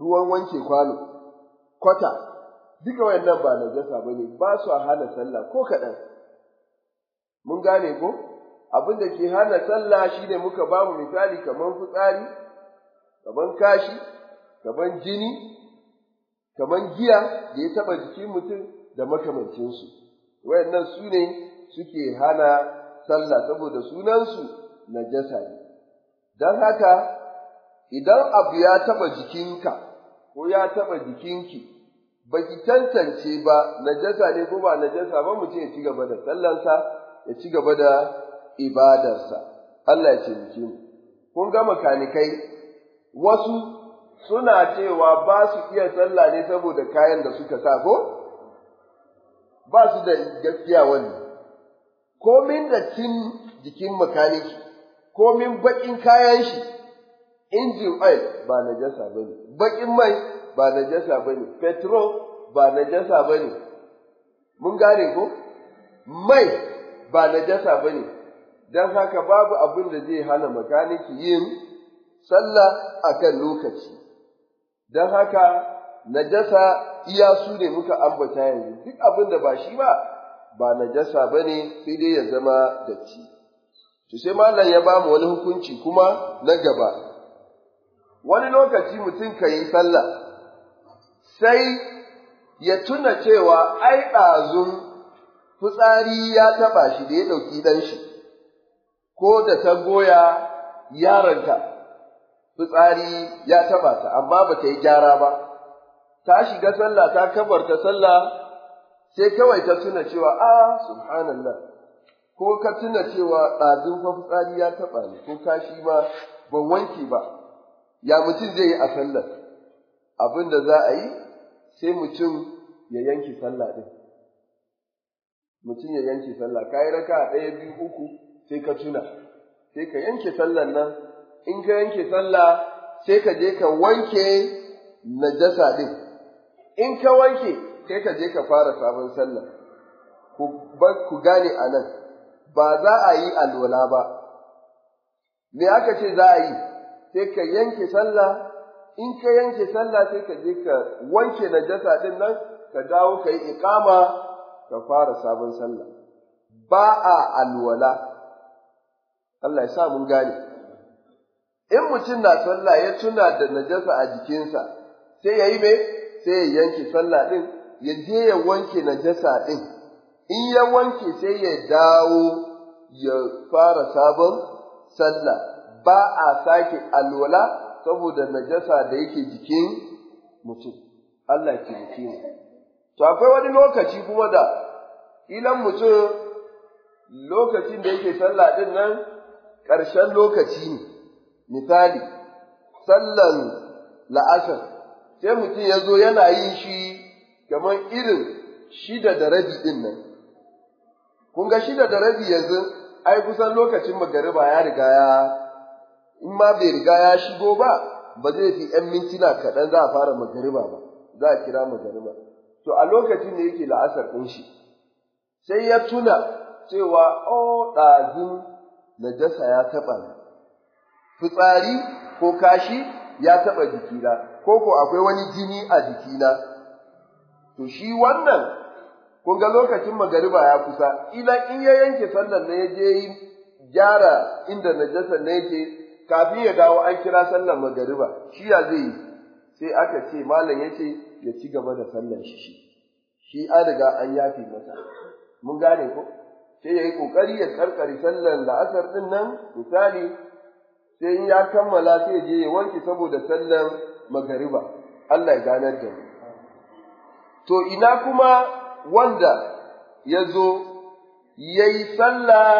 ruwan wanke kwano, kwata, duka wayannan ba najasa ba ne, ba su hana sallah ko kaɗan. Mun gane ko? Abin da ke hana sallah shi ne muka ba mu misali kamar fitsari, kamar kashi, kamar jini, kamar giya da ya taɓa jikin mutum da makamancinsu. Wayannan su ne suke hana sallah saboda sunansu najasa ne. Don haka, idan abu ya taɓa jikinka, ko ya taɓa jikinki ba ki tantance ba najasa ne ko ba najasa ba Mu ce ya ci gaba da sallansa ya ci gaba da ibadarsa Allah ya ce mu kun ga makanikai wasu suna cewa ba su iya sallah ne saboda kayan da suka sa ko ba su da gaskiya wannan komin da cin jikin makaniki komin baƙin kayan shi injin oil ba najasa ba ne, baƙin mai ba najasa ba ne, petrol ba najasa ba ne, mun gane ko? Mai ba najasa ba ne, don haka babu abin da zai hana makaniki yin sallah a kan lokaci, don haka najasa iya su ne muka ambata yanzu, duk abin da ba shi ba, ba najasa ba ne sai dai ya zama datti. To sai malam ya ba mu wani hukunci kuma na gaba. wani lokaci mutum ka yi sallah sai ya tuna cewa ai ɗazun fitsari ya taɓa shi da ya ɗauki ɗan shi ko da ta goya yaronta fitsari ya taɓa ta amma ba ta yi gyara ba ta shiga sallah ta kabarta sallah sai kawai ta tuna cewa a subhanallah ko ka tuna cewa ɗazun fa fitsari ya taɓa ni ko ka shi ma ban wanke ba ya mutum zai yi a sallar abin da za a yi sai mutum ya yanki sallah ɗin mutum ya yanki sallah ka yi raka ɗaya biyu uku sai ka tuna sai ka yanke sallar nan in ka yanke sallah sai ka je ka wanke najasa ɗin in ka wanke sai ka je ka fara sabon sallah ku gane a nan ba za a yi alwala ba me aka ce za a yi sai ka yanke sallah in ka yanke sallah sai ka je ka wanke najasa din nan ka dawo ka yi iqama ka fara sabon sallah ba a alwala Allah ya sa mun gane in mutum na sallah ya tuna da najasa a jikinsa sai ya yi me sai ya yanke sallah din ya je ya wanke najasa din in ya wanke sai ya dawo ya fara sabon sallah ba a sake alwala saboda najasa da yake jikin mutum Allah ke jiki mu to akwai wani lokaci kuma da ilan mutum lokacin da yake sallah din nan ƙarshen lokaci ne misali sallan la'asar sai mutum ya zo yana yin shi kamar irin shida da rabi din nan kun ga shida da rabi yanzu ai kusan lokacin magariba ya riga ya in ma bai riga ya shigo ba ba zai fi ‘yan mintuna kaɗan za a fara magariba ba za a kira magariba to a lokacin da yake la'asar ɗin shi sai ya tuna cewa o ɗazin najasa ya taɓa ni fitsari ko kashi ya taɓa jikina ko ko akwai wani jini a jikina to shi wannan kun lokacin magariba ya kusa ila in ya yanke sallar na ya je gyara inda najasa na yake kafin ya dawo an kira sallar magariba shi ya zai yi sai aka ce malam yace ya ci gaba da sallar shi shi shi an riga an yafi masa mun gane ko sai ya yi kokari ya karkare sallar la'asar din nan misali sai in ya kammala sai ya je ya wanke saboda sallar magariba Allah ya ganar da mu to ina kuma wanda ya zo ya yi sallah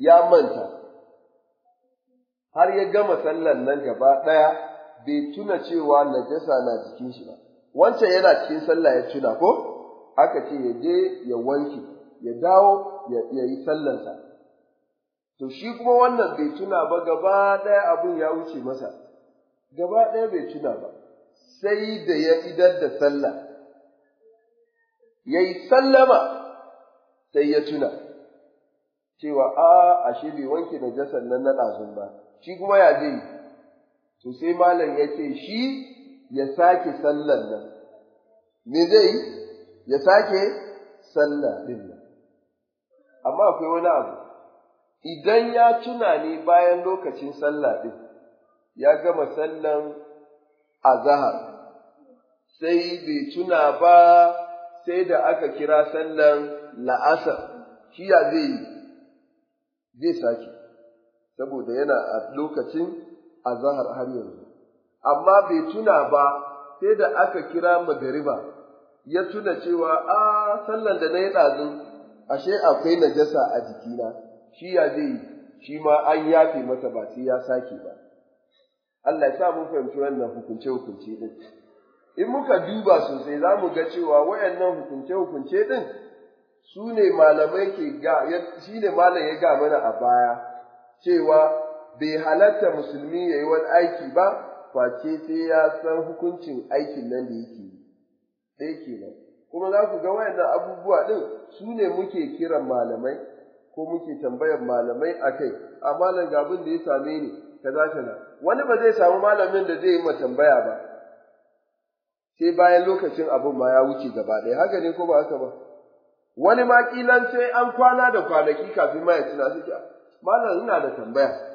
ya manta har ya gama sallan nan gaba ɗaya bai tuna cewa najasa na jikin shi ba wancan yana cikin sallah ya tuna ko aka ce ya je ya wanke ya dawo ya yi sallansa to shi kuma wannan bai tuna ba gaba ɗaya abin ya wuce masa gaba ɗaya bai tuna ba sai da ya idar da sallah ya yi sallama sai ya tuna cewa a ah, ashe bai wanke najasan nan na ɗazun ba shi kuma ya zai to sai malam ya ce shi ya sake sallan nan me zai ya sake sallah din amma akwai wani abu idan ya tuna ne bayan lokacin sallah din ya gama sallan azahar sai bai tuna ba sai da aka kira sallan la'asar shi ya zai yi zai sake saboda yana a lokacin azahar har yanzu amma bai tuna ba sai da aka kira magariba ya tuna cewa a sallan da na yi ɗazu ashe akwai najasa a jikina shi ya zai yi shi ma an yafe masa ba sai ya sake ba Allah ya sa mun fahimci wannan hukunce hukunce din in muka duba sosai za mu ga cewa wayannan hukunce hukunce din su ne malamai ke ga shi ne malam ya ga mana a baya cewa bai halatta musulmi ya yi wani aiki ba face sai ya san hukuncin aikin nan da yake yi ɗaya kenan kuma za ku ga wayannan abubuwa ɗin su ne muke kiran malamai ko muke tambayar malamai a kai a malam gabin da ya same ni ka za ka na. wani ba zai samu malamin da zai yi ma tambaya ba sai bayan lokacin abin ma ya wuce gaba ɗaya haka ne ko ba haka ba wani ma kilan sai an kwana da kwanaki kafin ma ya tuna suke malam ina da tambaya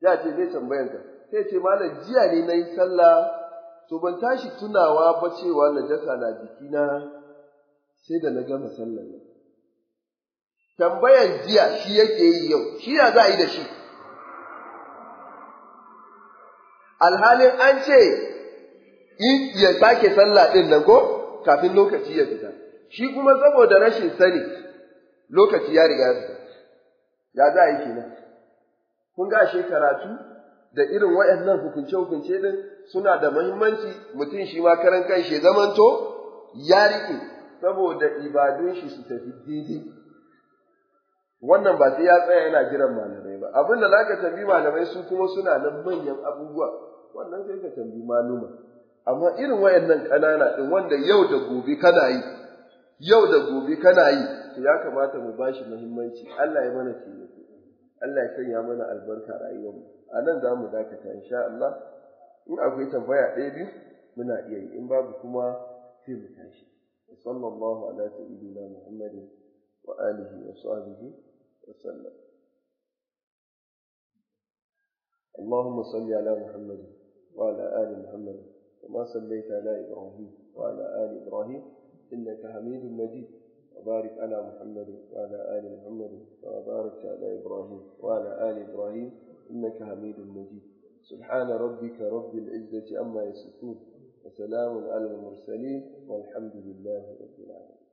ya ce zai tambayan ka sai ce malam jiya ne na yi sallah to ban tashi tunawa ba cewa najasa na jikina sai da na gama sallah ne. tambayan jiya shi yake yi yau shi ya za a yi da shi alhalin an ce in ya sake sallah ɗin nan ko kafin lokaci ya fita shi kuma saboda rashin sani lokaci ya riga ya fita ya za a yi nan. kun ga shi karatu da irin waɗannan hukunce-hukunce din suna da mahimmanci mutum shi ma karan kan shi zamanto ya riƙe saboda ibadun shi su tafi daidai wannan ba sai ya tsaya yana jiran malamai ba abin da ka tambi malamai su kuma suna nan manyan abubuwa wannan sai ka tambi maluma amma irin wayannan ƙanana din wanda yau da gobe kana yi yau da gobe kana yi ya kamata mu bashi muhimmanci Allah ya mana kiyaye Allah ya sanya mana albarka a rayuwarmu a nan za mu dakata insha Allah in akwai tambaya ɗaya biyu muna iya yi in babu kuma sai mu tashi sallallahu ala sayyidina muhammadin wa alihi wa sahbihi wa sallam اللهم صل على محمد وعلى آل محمد كما صليت على إبراهيم وعلى آل إبراهيم إنك حميد مجيد وبارك على محمد وعلى آل محمد وبارك على إبراهيم وعلى آل إبراهيم إنك حميد مجيد سبحان ربك رب العزة أما يصفون وسلام على المرسلين والحمد لله رب العالمين